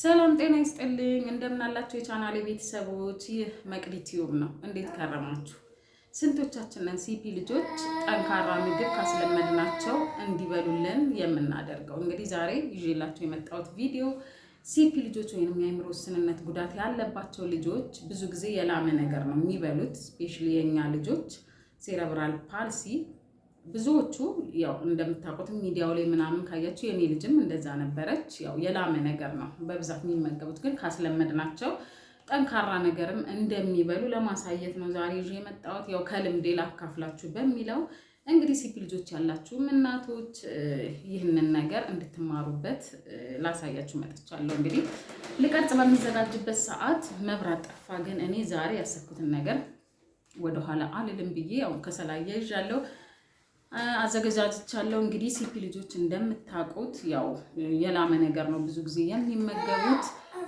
ሰላም ጤና ይስጥልኝ። እንደምን አላችሁ ቤተሰቦች? ይህ መቅዲ ቲዩብ ነው። እንዴት ከረማችሁ? ስንቶቻችንን ሲፒ ልጆች ጠንካራ ምግብ ካስለመድናቸው እንዲበሉልን የምናደርገው? እንግዲህ ዛሬ ይዤላችሁ የመጣሁት ቪዲዮ ሲፒ ልጆች ወይም የአእምሮ ውስንነት ጉዳት ያለባቸው ልጆች ብዙ ጊዜ የላመ ነገር ነው የሚበሉት። ስፔሻሊ የእኛ ልጆች ሴረብራል ፓልሲ ብዙዎቹ ያው እንደምታውቁትም ሚዲያው ላይ ምናምን ካያችሁ የኔ ልጅም እንደዛ ነበረች። ያው የላመ ነገር ነው በብዛት የሚመገቡት፣ ግን ካስለመድ ናቸው ጠንካራ ነገርም እንደሚበሉ ለማሳየት ነው ዛሬ ይዤ የመጣሁት። ያው ከልምዴ ላካፍላችሁ በሚለው እንግዲህ ሲፒ ልጆች ያላችሁም እናቶች ይህንን ነገር እንድትማሩበት ላሳያችሁ መጥቻለሁ። እንግዲህ ልቀርጽ በሚዘጋጅበት ሰዓት መብራት ጠፋ። ግን እኔ ዛሬ ያሰብኩትን ነገር ወደኋላ አልልም ብዬ ያው ከሰላያ ይዣለሁ አዘገጃጅቻለሁ። እንግዲህ ሲፒ ልጆች እንደምታውቁት ያው የላመ ነገር ነው ብዙ ጊዜ የሚመገቡት።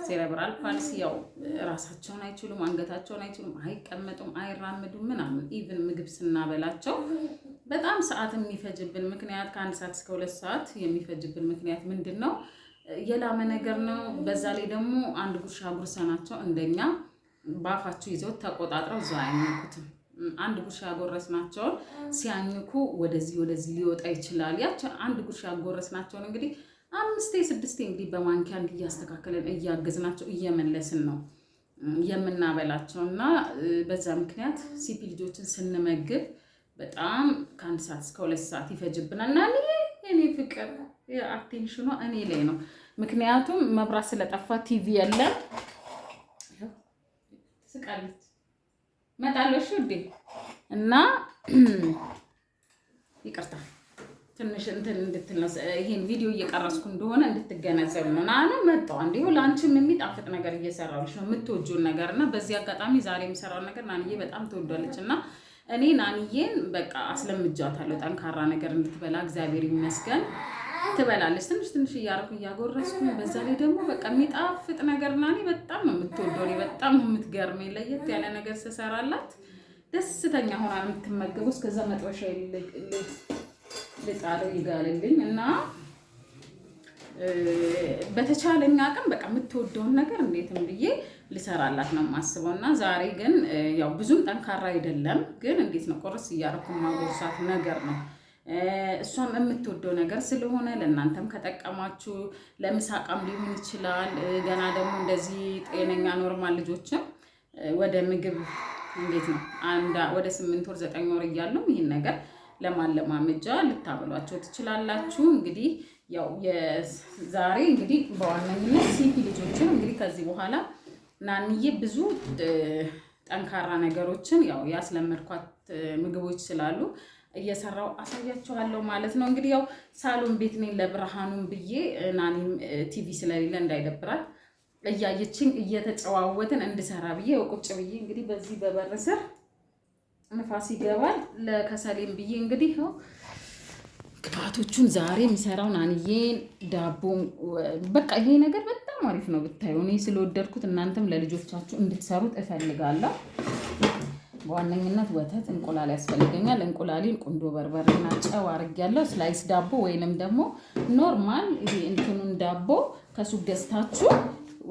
ሴረብራል ፓልሲ ያው ራሳቸውን አይችሉም፣ አንገታቸውን አይችሉም፣ አይቀመጡም፣ አይራምዱም ምናምን። ኢቭን ምግብ ስናበላቸው በጣም ሰዓት የሚፈጅብን ምክንያት ከአንድ ሰዓት እስከ ሁለት ሰዓት የሚፈጅብን ምክንያት ምንድን ነው? የላመ ነገር ነው። በዛ ላይ ደግሞ አንድ ጉርሻ ጉርሰናቸው እንደኛ በአፋቸው ይዘው ተቆጣጥረው እዛ አይሞቁትም። አንድ ጉርሻ ያጎረስናቸውን ሲያኝኩ ወደዚህ ወደዚህ ሊወጣ ይችላል። ያቸው አንድ ጉርሻ ያጎረስናቸውን እንግዲህ አምስቴ ስድስቴ እንግዲህ በማንኪያ እንዲህ እያስተካከልን እያገዝናቸው እየመለስን ነው የምናበላቸው እና በዛ ምክንያት ሲፒ ልጆችን ስንመግብ በጣም ከአንድ ሰዓት እስከ ሁለት ሰዓት ይፈጅብናል እና እኔ ፍቅር አቴንሽኗ እኔ ላይ ነው። ምክንያቱም መብራት ስለጠፋ ቲቪ የለም። ስቃለች እመጣለሁ። ውዴ እና ይቅርታ ትንሽ እንትን እንድትል ይሄን ቪዲዮ እየቀረስኩ እንደሆነ እንድትገነዘብ ነው። ናነ መጣው እንዲሁ ለአንቺም የሚጣፍጥ ነገር እየሰራሁልሽ ነው የምትወጂውን ነገር እና በዚህ አጋጣሚ ዛሬ የሚሰራውን ነገር ናንዬ በጣም ትወዷለች እና እኔ ናንዬን በቃ አስለምጃታለሁ። ጠንካራ ነገር እንድትበላ እግዚአብሔር ይመስገን። ትበላለች። ትንሽ ትንሽ እያረኩ እያጎረስኩኝ፣ በዛ ላይ ደግሞ በቃ የሚጣፍጥ ነገር ና እኔ በጣም ነው የምትወደው፣ በጣም የምትገርመኝ። ለየት ያለ ነገር ስሰራላት ደስተኛ ሆና የምትመገቡ። እስከዛ መጥበሻ ልጣለው ይጋልልኝ እና በተቻለኝ አቅም በቃ የምትወደውን ነገር እንዴትም ብዬ ልሰራላት ነው የማስበው። እና ዛሬ ግን ያው ብዙም ጠንካራ አይደለም፣ ግን እንዴት ነው ቆርስ እያረኩ ማጎርሳት ነገር ነው እሷም የምትወደው ነገር ስለሆነ ለእናንተም ከጠቀማችሁ ለምሳቃም ሊሆን ይችላል። ገና ደግሞ እንደዚህ ጤነኛ ኖርማል ልጆችም ወደ ምግብ እንዴት ነው አንድ ወደ ስምንት ወር ዘጠኝ ወር እያሉም ይህን ነገር ለማለማመጃ ልታበሏቸው ትችላላችሁ። እንግዲህ ያው የዛሬ እንግዲህ በዋነኝነት ሲፒ ልጆችን እንግዲህ ከዚህ በኋላ ናንዬ ብዙ ጠንካራ ነገሮችን ያው ያስለመድኳት ምግቦች ስላሉ እየሰራው አሳያችኋለሁ ማለት ነው። እንግዲህ ያው ሳሎን ቤት ነኝ ለብርሃኑም ብዬ ናኒም ቲቪ ስለሌለ እንዳይደብራት እያየችኝ እየተጨዋወትን እንድሰራ ብዬ ቁጭ ብዬ እንግዲህ በዚህ በበር ስር ንፋስ ይገባል ለከሰሌም ብዬ እንግዲህ ው ግብአቶቹን ዛሬ የሚሰራው ናንዬን ዳቦ በቃ ይሄ ነገር በጣም አሪፍ ነው ብታዩ እኔ ስለወደድኩት እናንተም ለልጆቻችሁ እንድትሰሩት እፈልጋለሁ። በዋነኝነት ወተት፣ እንቁላል ያስፈልገኛል። እንቁላሌን ቁንዶ በርበሬና ጨው አድርጌያለሁ። ስላይስ ዳቦ ወይንም ደግሞ ኖርማል ይሄ እንትኑን ዳቦ ከሱ ገዝታችሁ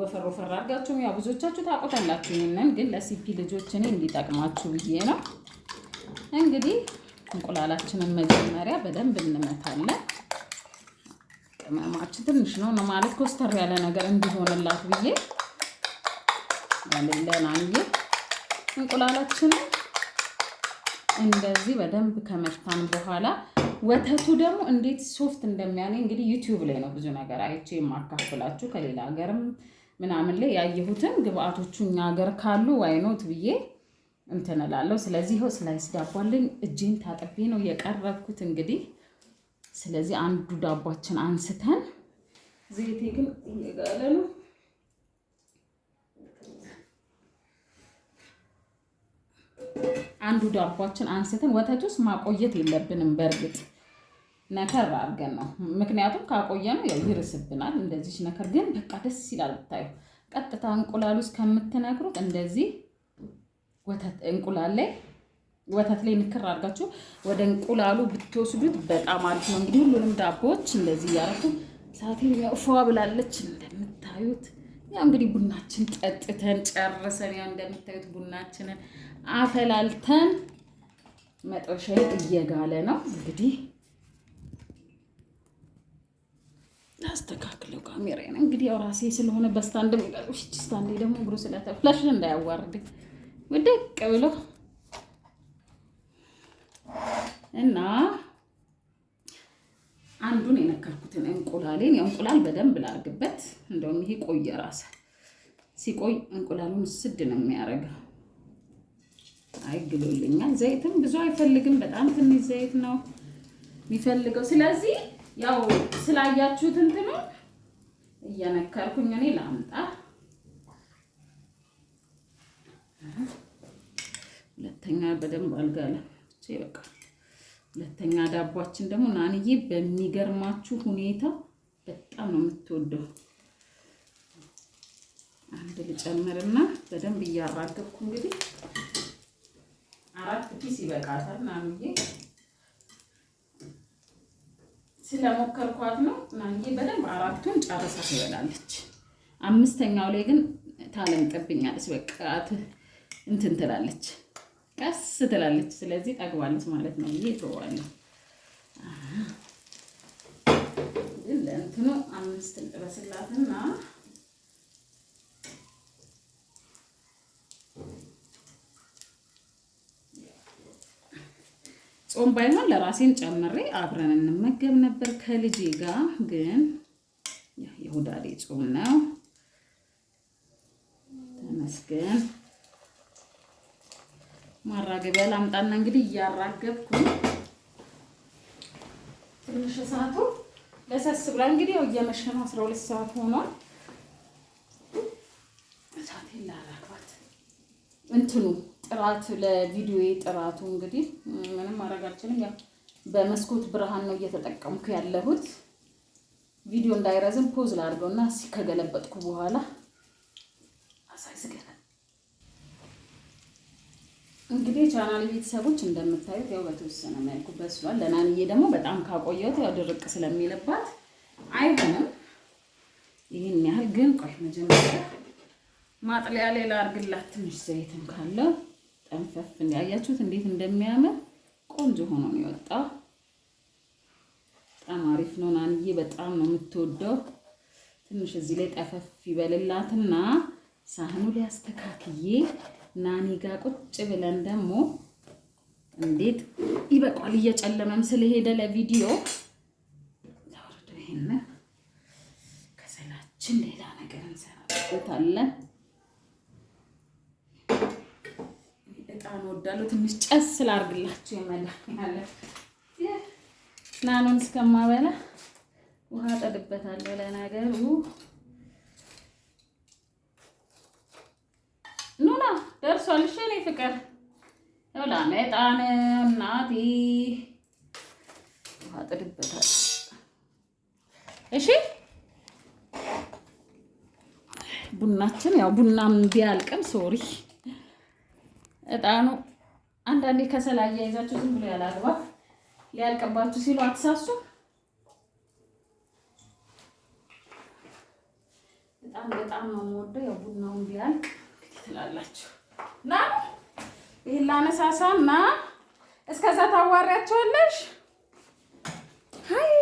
ወፈር ወፈር አድርጋችሁም ያው ብዙዎቻችሁ ታውቁታላችሁ። ይሄንን ግን ለሲፒ ልጆች እኔ እንዲጠቅማችሁ ብዬ ነው። እንግዲህ እንቁላላችንን መጀመሪያ በደንብ እንመታለን። ቅመማችን ትንሽ ነው ነው ማለት ኮስተር ያለ ነገር እንዲሆንላት ብዬ ለናንዬ እንቁላላችንን እንደዚህ በደንብ ከመታን በኋላ ወተቱ ደግሞ እንዴት ሶፍት እንደሚያኔ እንግዲህ ዩቲዩብ ላይ ነው ብዙ ነገር አይቼ የማካፍላችሁ ከሌላ ሀገርም ምናምን ላይ ያየሁትን ግብአቶቹ እኛ ሀገር ካሉ ዋይኖት ብዬ እንትንላለሁ። ስለዚህ ይኸው ስላይስ ዳቦ አለኝ እጄን ታጥቤ ነው የቀረብኩት። እንግዲህ ስለዚህ አንዱ ዳቧችን አንስተን ዘይቴ ግን እየጋለ ነው አንዱ ዳቦችን አንስተን ወተት ውስጥ ማቆየት የለብንም። በእርግጥ ነከር አድርገን ነው። ምክንያቱም ካቆየነው ያው ይርስብናል። እንደዚህ ነከር ግን በቃ ደስ ይላል ብታዩ። ቀጥታ እንቁላል ውስጥ ከምትነክሩት እንደዚህ ወተት እንቁላል ላይ ወተት ላይ ንክር አድርጋችሁ ወደ እንቁላሉ ብትወስዱት በጣም አሪፍ ነው። እንግዲህ ሁሉንም ዳቦዎች እንደዚህ እያረኩ ሰዓቴ ያው ፏ ብላለች እንደምታዩት ያው እንግዲህ ቡናችን ጠጥተን ጨርሰን ያው እንደምታዩት ቡናችንን አፈላልተን መጥበሻ እየጋለ ነው እንግዲህ አስተካክለው ካሜራ ነው እንግዲህ ያው ራሴ ስለሆነ በስታንድ ሚቀርሽ ስታንድ ደግሞ እግሩ ስለተፍላሽ እንዳያዋርድ ውደቅ ብሎ እና አንዱን የነከርኩትን እንቁላሌን የእንቁላል በደንብ ላርግበት። እንደውም ይሄ ቆየ ራሰ ሲቆይ እንቁላሉን ስድ ነው የሚያደርገው። አይግሎልኛል። ዘይትም ብዙ አይፈልግም። በጣም ትንሽ ዘይት ነው የሚፈልገው። ስለዚህ ያው ስላያችሁት እንትኑ እየነከርኩኝ እኔ ላምጣ። ሁለተኛ በደንብ አልጋለ በቃ ሁለተኛ ዳቧችን ደግሞ ናንዬ በሚገርማችሁ ሁኔታ በጣም ነው የምትወደው። አንድ ልጨምርና በደንብ እያራገብኩ እንግዲህ አራት ፒስ ይበቃታል። ናንዬ ስለሞከርኳት ነው። ናንዬ በደንብ አራቱን ጨርሳ ትበላለች። አምስተኛው ላይ ግን ታለምቀብኛለች። በቃ እንትን ትላለች። ቀስ ትላለች። ስለዚህ ጠግባለች ማለት ነው ይሄ እተዋለሁ። ለእንትኑ አምስት እንጥበስላትና ጾም ባይሆን ለራሴን ጨምሬ አብረን እንመገብ ነበር ከልጄ ጋር። ግን የሁዳዴ ጾም ነው። ተመስገን ማራገቢያ ላምጣና እንግዲህ እያራገብኩ ትንሽ ሰዓቱ ለሰስ ብላ እንግዲህ ያው እየመሸ ነው። አስራ ሁለት ሰዓት ሆኗል። እሳቴ ላራግባት እንትኑ ጥራት ለቪዲዮ ጥራቱ እንግዲህ ምንም ማድረግ አልችልም። ያው በመስኮት ብርሃን ነው እየተጠቀምኩ ያለሁት። ቪዲዮ እንዳይረዝም ፖዝ ላድርገውና ከገለበጥኩ በኋላ አሳይ ስገለጥ እንግዲህ ቻናል ቤተሰቦች እንደምታዩት ያው በተወሰነ መልኩ በስሏል። ለናንዬ ደግሞ በጣም ካቆየሁት ያው ድርቅ ስለሚልባት አይሆንም። ይህን ያህል ግን ቆይ መጀመሪያ ማጥለያ ሌላ አድርግላት ትንሽ ዘይትም ካለው ጠንፈፍ እንዲያያችሁት እንዴት እንደሚያምር ቆንጆ ሆኖ ነው የወጣው። በጣም አሪፍ ነው። ናንዬ በጣም ነው የምትወደው። ትንሽ እዚህ ላይ ጠፈፍ ይበልላትና ሳህኑ ሊያስተካክዬ ናኒ ጋር ቁጭ ብለን ደግሞ እንዴት ይበቋል። እየጨለመም ስለሄደ ለቪዲዮ ላውርዶ። ይሄን ከሰላችን ሌላ ነገር እንሰራበታለን። እጣን ወዳለሁ ትንሽ ጨስ ስላርግላችሁ ይመላ ያለ ናኑን እስከማበላ ውሃ ጠድበታለሁ ለነገሩ ደርሷል ደርሷልሽ የእኔ ፍቅር ይውላ መጣን። እናቴ ውሃ ጥድበታል። እሺ ቡናችን ያው ቡናም ቢያልቅም ሶሪ እጣኑ አንዳንዴ ከሰል አያይዛችሁ ዝም ብሎ ያላግባብ ሊያልቅባችሁ ሲሉ አትሳሱ። በጣም በጣም ነው የምወደው ያው ቡናውን ቢያልቅ ትላላችሁ። ና ይህን ላነሳሳ ና እስከዛ ታዋሪያቸዋለሽ። ሀይ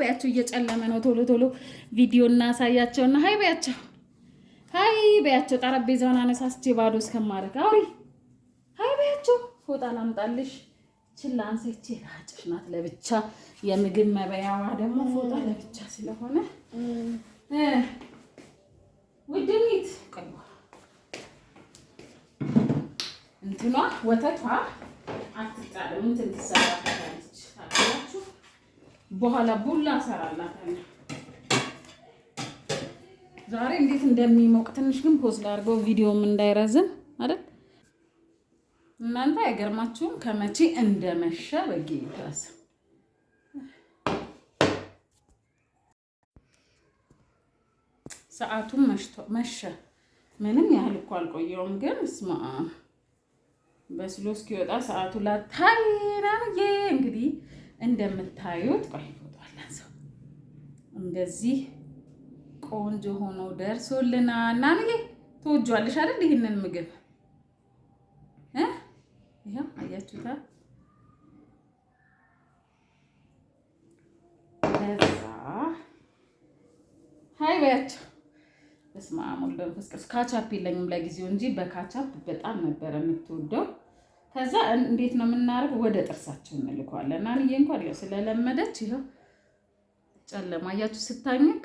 በያቸው። እየጨለመ ነው። ቶሎ ቶሎ ቪዲዮ እናሳያቸውና ሀይ በያቸው፣ ሀይ በያቸው። ጠረጴዛውን አነሳስቼ ባዶ እስከማድረግ አውሪ። ሀይ በያቸው። ፎጣ ላምጣልሽ። ችላን ሴቼ ናት ለብቻ፣ የምግብ መበያዋ ደግሞ ፎጣ ለብቻ ስለሆነ ውድሚት ቀይዋል እንትኗ ወተቷ አትጣለም እንትን ትሰራበታለች። ታውቃላችሁ። በኋላ ቡላ እሰራላታለሁ። ዛሬ እንዴት እንደሚሞቅ ትንሽ ግን ፖዝ ላድርገው ቪዲዮም እንዳይረዝም አይደል? እናንተ አይገርማችሁም? ከመቼ እንደመሸ በጌታ ስም ሰዓቱም መሸ። ምንም ያህል እኮ አልቆየውም ግን ስማ በስሎ እስኪወጣ ሰዓቱ ላታይና እንግዲህ እንደምታዩት ቆይ ፎቷለን እንደዚህ ቆንጆ ሆኖ ደርሶልና እና ምዬ ትወጇለሽ አይደል? ይህንን ምግብ ይኸው አያችሁታ። ከዛ ሀይ በያቸው በስመ አብ ወልድ ወመንፈስ ቅዱስ። ካቻፕ የለኝም ለጊዜው እንጂ በካቻፕ በጣም ነበረ የምትወደው ከዛ እንዴት ነው የምናደርግ? ወደ ጥርሳችን እንልከዋለን። እና ንዬ እንኳን ያው ስለለመደች ይኸው ጨለማ እያችሁ ስታኝክ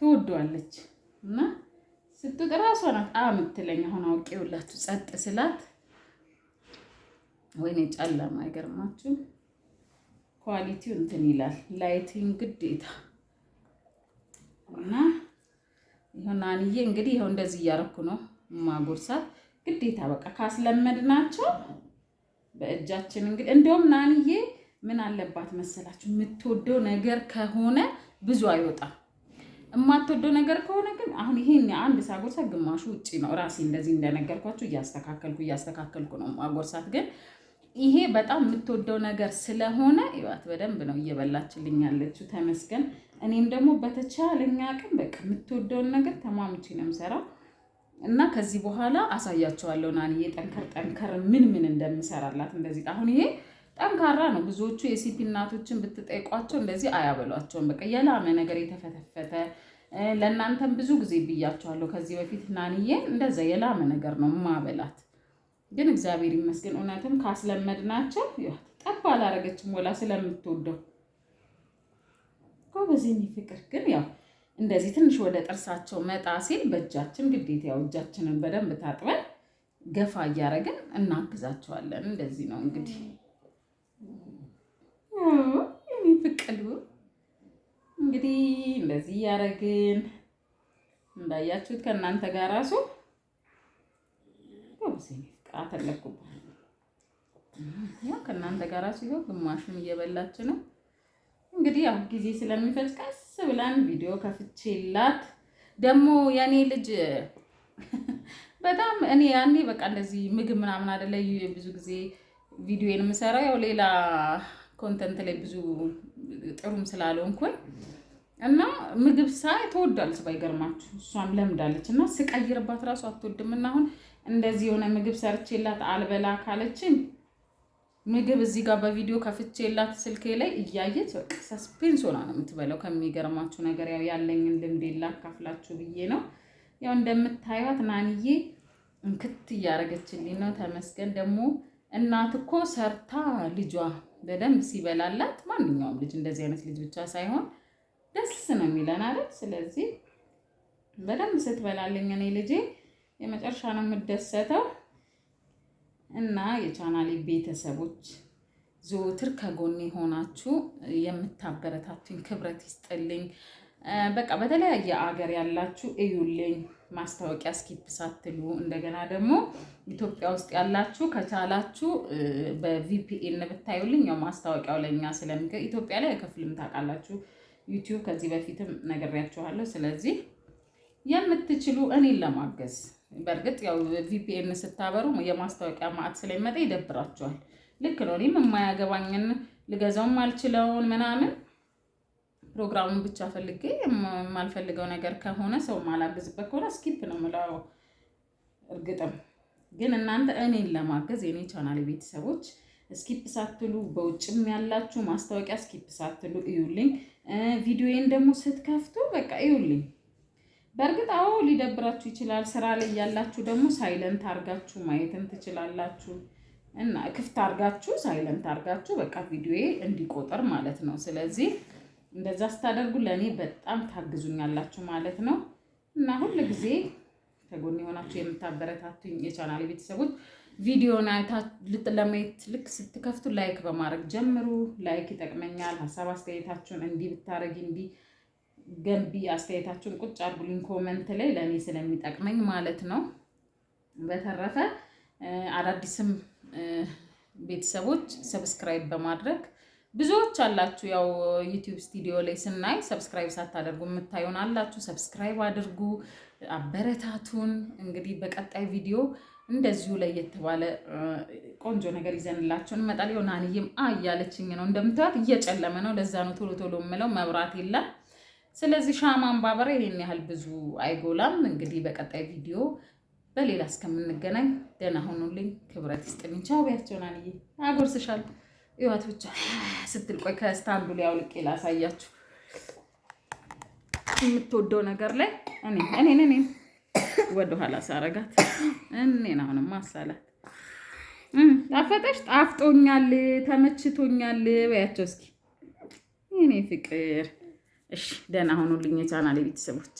ትወደዋለች እና ስትውጥ ራሷ ናት አ የምትለኝ አሁን አውቄውላችሁ ጸጥ ስላት ወይኔ ጨለማ አይገርማችሁ ኳሊቲው እንትን ይላል ላይቲንግ ግዴታ እና ይሁን አንዬ እንግዲህ ይኸው እንደዚህ እያደረኩ ነው ማጎርሳት ግዴታ በቃ ካስለመድናቸው በእጃችን እንግዲህ እንደውም ናንዬ ምን አለባት መሰላችሁ የምትወደው ነገር ከሆነ ብዙ አይወጣም። የማትወደው ነገር ከሆነ ግን አሁን ይሄን አንድ ሳጎርሳ ግማሹ ውጭ ነው። ራሴ እንደዚህ እንደነገርኳችሁ እያስተካከልኩ እያስተካከልኩ ነው ማጎርሳት። ግን ይሄ በጣም የምትወደው ነገር ስለሆነ ይባት በደንብ ነው እየበላችልኛለች ተመስገን። እኔም ደግሞ በተቻለኛ አቅም በቃ የምትወደውን ነገር ተማምቼ ነው የምሰራው። እና ከዚህ በኋላ አሳያቸዋለሁ ናንዬ ጠንከር ጠንከር ምን ምን እንደምሰራላት እንደዚህ። አሁን ይሄ ጠንካራ ነው። ብዙዎቹ የሲፒ እናቶችን ብትጠይቋቸው እንደዚህ አያበሏቸውም። በቃ የላመ ነገር የተፈተፈተ ለእናንተም ብዙ ጊዜ ብያቸዋለሁ ከዚህ በፊት ናንዬ እንደዛ የላመ ነገር ነው ማበላት። ግን እግዚአብሔር ይመስገን እውነትም ካስለመድ ናቸው ጠፋ አላረገችም። ወላ ስለምትወደው በዚህ ፍቅር ግን ያው እንደዚህ ትንሽ ወደ ጥርሳቸው መጣ ሲል በእጃችን ግዴታ ያው እጃችንን በደንብ ታጥበን ገፋ እያደረግን እናግዛቸዋለን። እንደዚህ ነው እንግዲህ ፍቅሉ እንግዲህ እንደዚህ እያደረግን እንዳያችሁት ከእናንተ ጋር ራሱ አተለኩ ያው ከእናንተ ጋር ራሱ ይኸው ግማሹን እየበላች ነው። እንግዲህ ያው ጊዜ ስለሚፈጅ ቀስ ብለን ቪዲዮ ከፍቼላት ደግሞ የኔ ልጅ በጣም እኔ ያኔ በቃ እንደዚህ ምግብ ምናምን አደለ ብዙ ጊዜ ቪዲዮ የምሰራው ያው ሌላ ኮንተንት ላይ ብዙ ጥሩም ስላልሆንኩኝ እና ምግብ ሳይ ትወዳለች፣ ባይገርማችሁ እሷም ለምዳለች። እና ስቀይርባት ራሱ አትወድም። እና አሁን እንደዚህ የሆነ ምግብ ሰርቼላት አልበላ ካለችኝ ምግብ እዚህ ጋር በቪዲዮ ከፍቼ የላት ስልኬ ላይ እያየች በቃ ሰስፔንስ ሆና ነው የምትበላው። ከሚገርማችሁ ነገር ያው ያለኝን ልምድ ላካፍላችሁ ብዬ ነው። ያው እንደምታዩት ናንዬ እንክት እያደረገችልኝ ነው። ተመስገን ደግሞ እናት እኮ ሰርታ ልጇ በደንብ ሲበላላት ማንኛውም ልጅ እንደዚህ አይነት ልጅ ብቻ ሳይሆን ደስ ነው የሚለን አይደል? ስለዚህ በደንብ ስትበላልኝ እኔ ልጄ የመጨረሻ ነው የምደሰተው። እና የቻናሌ ቤተሰቦች ዘወትር ከጎኔ ሆናችሁ የምታበረታቱኝ ክብረት ይስጥልኝ። በቃ በተለያየ አገር ያላችሁ እዩልኝ፣ ማስታወቂያ ስኪፕ ሳትሉ። እንደገና ደግሞ ኢትዮጵያ ውስጥ ያላችሁ ከቻላችሁ በቪፒኤን ብታዩልኝ፣ ያው ማስታወቂያው ለእኛ ስለሚገ ኢትዮጵያ ላይ ክፍልም ታውቃላችሁ፣ ዩቲዩብ ከዚህ በፊትም ነግሬያችኋለሁ። ስለዚህ የምትችሉ እኔን ለማገዝ በእርግጥ ያው ቪፒኤን ስታበሩ የማስታወቂያ ማዕት ስለሚመጣ ይደብራቸዋል። ልክ ነው። እኔም የማያገባኝን ልገዛውም አልችለውን ምናምን ፕሮግራሙን ብቻ ፈልጌ የማልፈልገው ነገር ከሆነ ሰው ማላግዝበት ከሆነ ስኪፕ ነው ምለው። እርግጥም ግን እናንተ እኔን ለማገዝ የኔ ቻናል ቤተሰቦች ስኪፕ ሳትሉ በውጭም ያላችሁ ማስታወቂያ ስኪፕ ሳትሉ እዩልኝ። ቪዲዮዬን ደግሞ ስትከፍቱ በቃ እዩልኝ። በእርግጥ አዎ ሊደብራችሁ ይችላል። ስራ ላይ ያላችሁ ደግሞ ሳይለንት አርጋችሁ ማየትም ትችላላችሁ እና ክፍት አርጋችሁ ሳይለንት አርጋችሁ በቃ ቪዲዮዬ እንዲቆጠር ማለት ነው። ስለዚህ እንደዛ ስታደርጉ ለእኔ በጣም ታግዙኛላችሁ ማለት ነው እና ሁል ጊዜ ከጎን የሆናችሁ የምታበረታቱኝ የቻናል ቤተሰቦች ቪዲዮን ለማየት ልክ ስትከፍቱ ላይክ በማድረግ ጀምሩ። ላይክ ይጠቅመኛል። ሀሳብ አስተያየታችሁን እንዲህ ብታደረግ እንዲህ ገንቢ አስተያየታችሁን ቁጭ አድርጉልኝ ኮመንት ላይ ለእኔ ስለሚጠቅመኝ ማለት ነው። በተረፈ አዳዲስም ቤተሰቦች ሰብስክራይብ በማድረግ ብዙዎች አላችሁ። ያው ዩቲዩብ ስቱዲዮ ላይ ስናይ ሰብስክራይብ ሳታደርጉ የምታዩን አላችሁ። ሰብስክራይብ አድርጉ፣ አበረታቱን። እንግዲህ በቀጣይ ቪዲዮ እንደዚሁ ላይ የተባለ ቆንጆ ነገር ይዘንላችሁ እንመጣለን። ናንዬም አ እያለችኝ ነው እንደምታዩት፣ እየጨለመ ነው። ለዛ ነው ቶሎ ቶሎ የምለው መብራት የለም። ስለዚህ ሻማ ማንባበር ይሄን ያህል ብዙ አይጎላም። እንግዲህ በቀጣይ ቪዲዮ በሌላ እስከምንገናኝ ደህና ሆኑልኝ። ክብረት ይስጥልኝ። ቻው ቢያቸውናል ይ አጎርስሻል ይዋት ብቻ ስትል ቆይ ከስታንዱ ላይ አውልቄ ላሳያችሁ። የምትወደው ነገር ላይ እኔ እኔን እኔ ወደኋላ ሳረጋት እኔን አሁንም ማሳላት ጣፈጠሽ፣ ጣፍጦኛል፣ ተመችቶኛል በያቸው እስኪ እኔ ፍቅር እሺ ደህና ሁኑልኝ የቻናሌ ቤተሰቦች።